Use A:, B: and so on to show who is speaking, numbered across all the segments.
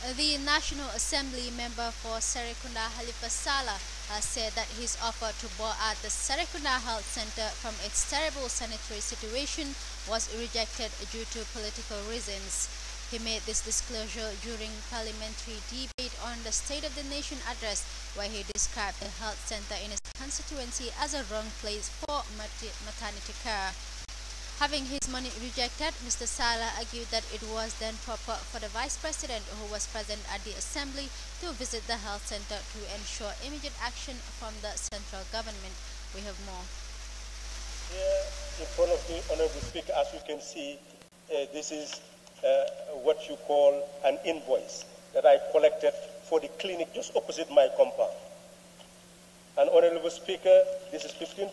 A: Uh, the National Assembly member for Serekunda Halifa uh, said that his offer to board at the Serekunda Health Center from its terrible sanitary situation was rejected due to political reasons. He made this disclosure during parliamentary debate on the State of the Nation address where he described the health center in his constituency as a wrong place for maternity care. Having his money rejected, Mr. Sala argued that it was then proper for the Vice President, who was present at the Assembly, to visit the health center to ensure immediate action from the central government. We have more.
B: Here in front of the Honorable Speaker, as you can see, uh, this is uh, what you call an invoice that I collected for the clinic just opposite my compound. And Honorable Speaker, this is $15,000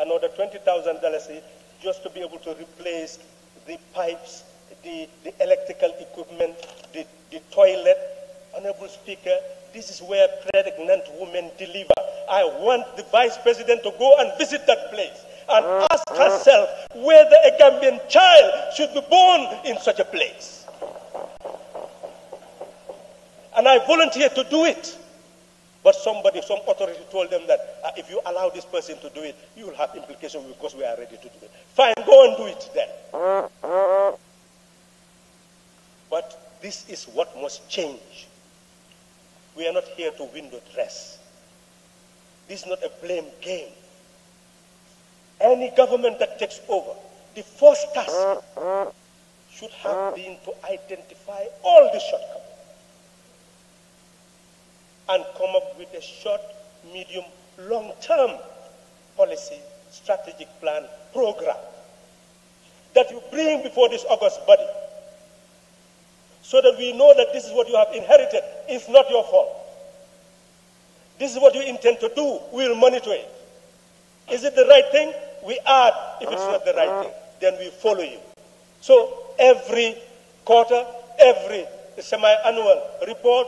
B: Another $20,000 just to be able to replace the pipes, the, the electrical equipment, the, the toilet. Honorable Speaker, this is where pregnant women deliver. I want the Vice President to go and visit that place and ask herself whether a Gambian child should be born in such a place. And I volunteer to do it. But somebody, some authority told them that uh, if you allow this person to do it, you will have implications because we are ready to do it. Fine, go and do it then. But this is what must change. We are not here to window dress. This is not a blame game. Any government that takes over, the first task should have been to identify all the shortcomings and come up with a short, medium, long-term policy, strategic plan, program that you bring before this August body so that we know that this is what you have inherited. It's not your fault. This is what you intend to do. We'll monitor it. Is it the right thing? We add. If it's not the right thing, then we follow you. So every quarter, every semi-annual report,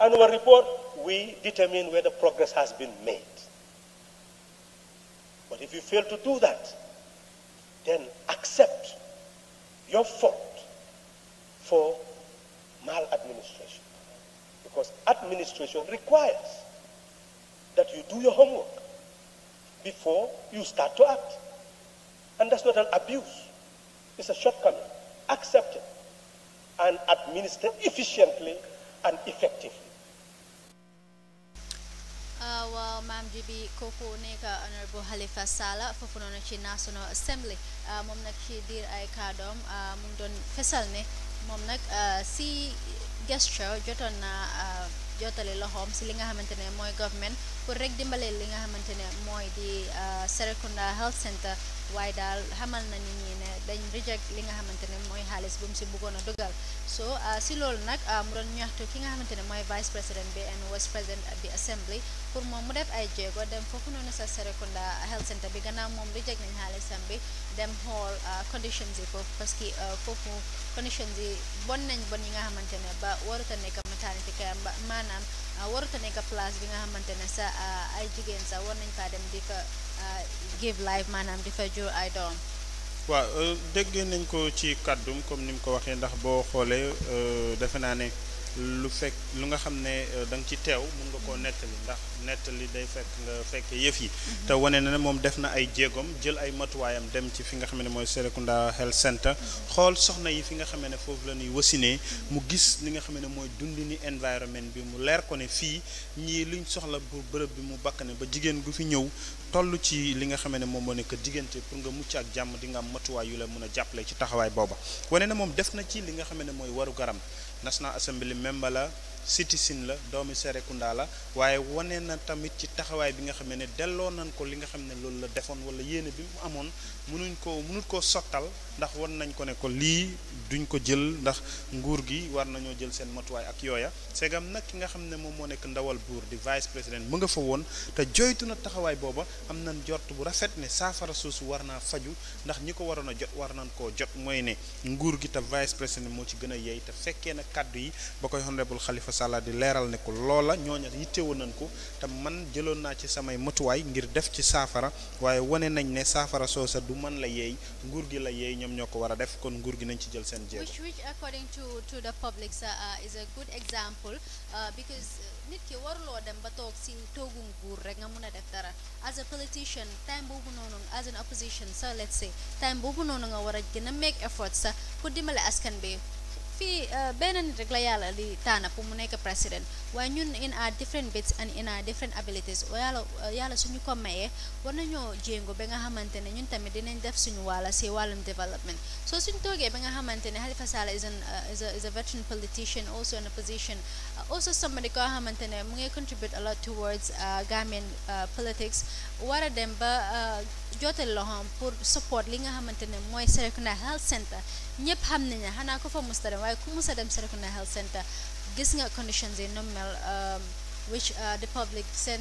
B: annual report, we determine whether progress has been made. But if you fail to do that, then accept your fault for maladministration. Because administration requires that you do your homework before you start to act. And that's not an abuse. It's a shortcoming. Accept it and administer efficiently and effectively.
A: waaw maam ji bi kooku nekk honorable Halifa Sallah foofu noonu ci National Assembly ah, moom nag ci diir ay kaadoom ah, mu ngi doon fesal ne moom nag ah, si gesture jotoon na jotale loxoom si li nga xamante ne mooy government pour rek dimbale li nga xamante ne mooy di Serekunda Health Center waaye daal xamal na nit ñi ne dañ reject li nga xamante ne mooy xaalis bu si bëggoon a dugal soo ah, si loolu nag ah, mu doon ñaxtu ki nga xamante ne mooy vice president bi and was president bi assembly pour moom mu def ay jéego dem foofu noonu sa Serekunda health center bi gannaaw moom reject nañ xaalisam bi dem xool ah, conditions yi foofu parce que foofu conditions yi bon nañ bon yi nga xamante ne ba warut a nekk maternity ba maanaam Ah, warut a nekk place bi nga xamante ne sa ah, ay jigéen sax war nañ faa dem di fa ah, give life maanaam di fa jur ay doom.
C: waaw euh, dégg nañ ko ci kaddum comme ni mu ko waxee ndax boo xoolee euh, defe naa ne. lu fekk lu nga xam ne euh, da nga ci teew mun nga koo nettali ndax nettali day fekk nga fekk yëf yi mhm. te wane na ne moom def na ay jéegoom jël ay matuwaayam dem ci fi nga xam ne mooy Serekunda Health Center mhm. xool soxna yi fi nga xam ne foofu la ñuy wasinee mhm. mu gis li nga xam ne mooy dundini environnement bi mu leer ne fii ñii luñ soxla pour bërëb bi mu bakk ne ba jigéen gu fi ñëw toll ci li nga xam ne moom moo nekk diggante pour nga mucc ak jàmm di nga am matuwaay yu la mën a jàppale ci taxawaay booba wane na moom def na ci li nga xam ne mooy waru garam national assembly member la Citizen la doomi Serekunda la waaye wane na tamit ci taxawaay bi nga xamee ne delloo nañ ko li nga xam ne loolu la defoon wala yéene bi mu amoon mënuñ ko mënut koo sottal ndax wan nañ ko ne ko lii duñ ko jël ndax nguur gi war nañoo jël seen matuwaay ak yooya segam nag ki nga xam ne moom moo nekk ndawal buur di vice président mu nga fa woon te joytu na taxawaay booba am nañ jot bu rafet ne saafara suusu war naa faju ndax ñi ko waroon a jot war nañ koo jot mooy ne nguur gi te vice président moo ci gën a yey te fekkee na kàddu yi ba sala di leral ne ko loola ñooña yittewoon nañ ko te man jëloon naa ci samay matuwaay ngir def ci saafara waaye wane nañ ne saafara soosa du man la yeey nguur gi la yeey ñoom ñoo ko war a def kon nguur gi nañ ci jël seen jéego. which
A: which according to to the public sir, uh, is a good example uh, because uh, nit ki waruloo dem ba toog si toogu nguur rek nga mun a def dara as a politician time boobu noonu as an opposition sir let's say time boobu noonu nga war a gën a make effort sax pour dimbale askan bi. في بين الرجليال اللي تانا بومونيك president ونون in our different bits and in our different abilities ويالا يالا سونو كو ماي ورنا ньо جينغو بيغا خامتاني نون تامي دينن ديف سونو والا سي والم development so سونو توغي بيغا خامتاني Halifa Saleh is an uh, is a is a veteran politician also in a position uh, also somebody ko xamantene mu ngi contribute a lot towards uh, Gambian uh, politics wara dem ba uh, jotel loxom pour support li nga xamantene moy Serekunda health center ñepp xam nañu xana ko fa musta waaye ku musa dem Serekunda health center gis nga conditions yi nu mel um, which uh, the public sent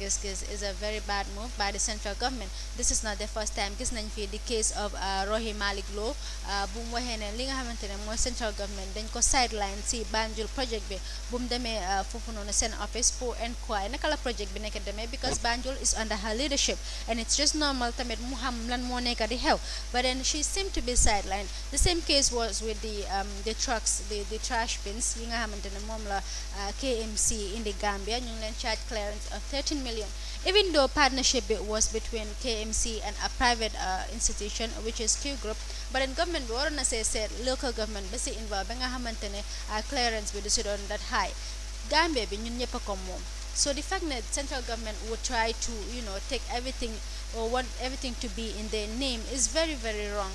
A: gis gis is a very bad move by the central government this is not the first time gis nañ fii the case of uh, Rohi Malik Law uh, bu mu waxee ne li nga central government dañ ko sideline si Banjul project bi bu mu demee uh, foofu noonu seen office pour enquire naka la project bi nekk because Banjul is under her leadership and it's just normal tamit mu xam lan moo nekk di xew but then she seemed to be sidelined the same case was with the um, the trucks the the trash bins yi nga xamante ne moom la KMC the Gambia Gambia ñu ngi charge clearance of 13 million even though partnership was between KMC and a private uh, institution which is Q Group but in government bi waroon na see local government ba involved. involve ba nga xamante ne clearance bi du si that high Gambia so the fact that central government would try to you know take everything or want everything to be in their name is very very wrong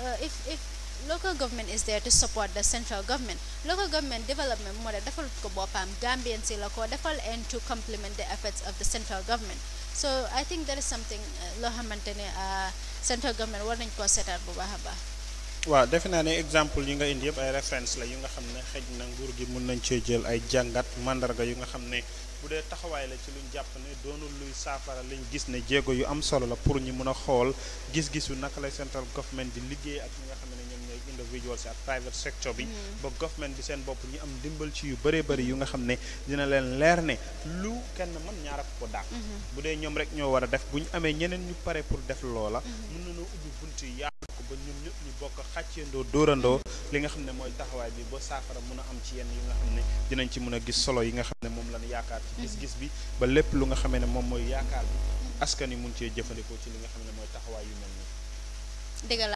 A: uh, if if local government is there to support the central government local government development more tax defal ko boppam Gambian si la defal and to complement the efforts of the central government so I think that is something uh, loo xamante uh, central government war nañ koo seetaat bu example a baax
C: waaw defe yi nga indi ay référence la yu nga xam ne xëj na nguur gi mun nañ cee jël ay jàngat mandarga yu nga xam ne bu dee taxawaay la ci luñ jàpp ne doonul luy saafara lañ gis ne jéego yu am solo la pour ñu mun a xool gis-gisu naka la central government di liggéey ak ñi nga xam individuals ak private sector bi ba government bi seen bopp ñu am dimbal ci yu bëree bëri yu nga xam ne dina leen leer ne lu kenn mën ñaar ko daal mhm. bu dee ñoom rek ñoo war a def bu ñu amee ñeneen ñu pare pour def loola mhm. mën nañoo ubbi bunt yu yaatu ko ba ñun ñëpp ñu bokk xàccendoo doorandoo li nga xam ne mooy taxawaay bi ba saafara mun a am ci yenn yu nga xam ne dinañ ci mën a gis solo yi nga xam ne moom lañ yaakaar ci mhm. gis-gis bi ba lépp lu nga xamee ne
A: moom mooy yaakaar bi askan yi mun cee jëfandikoo ci li nga xam ne mooy taxawaay yu
B: mel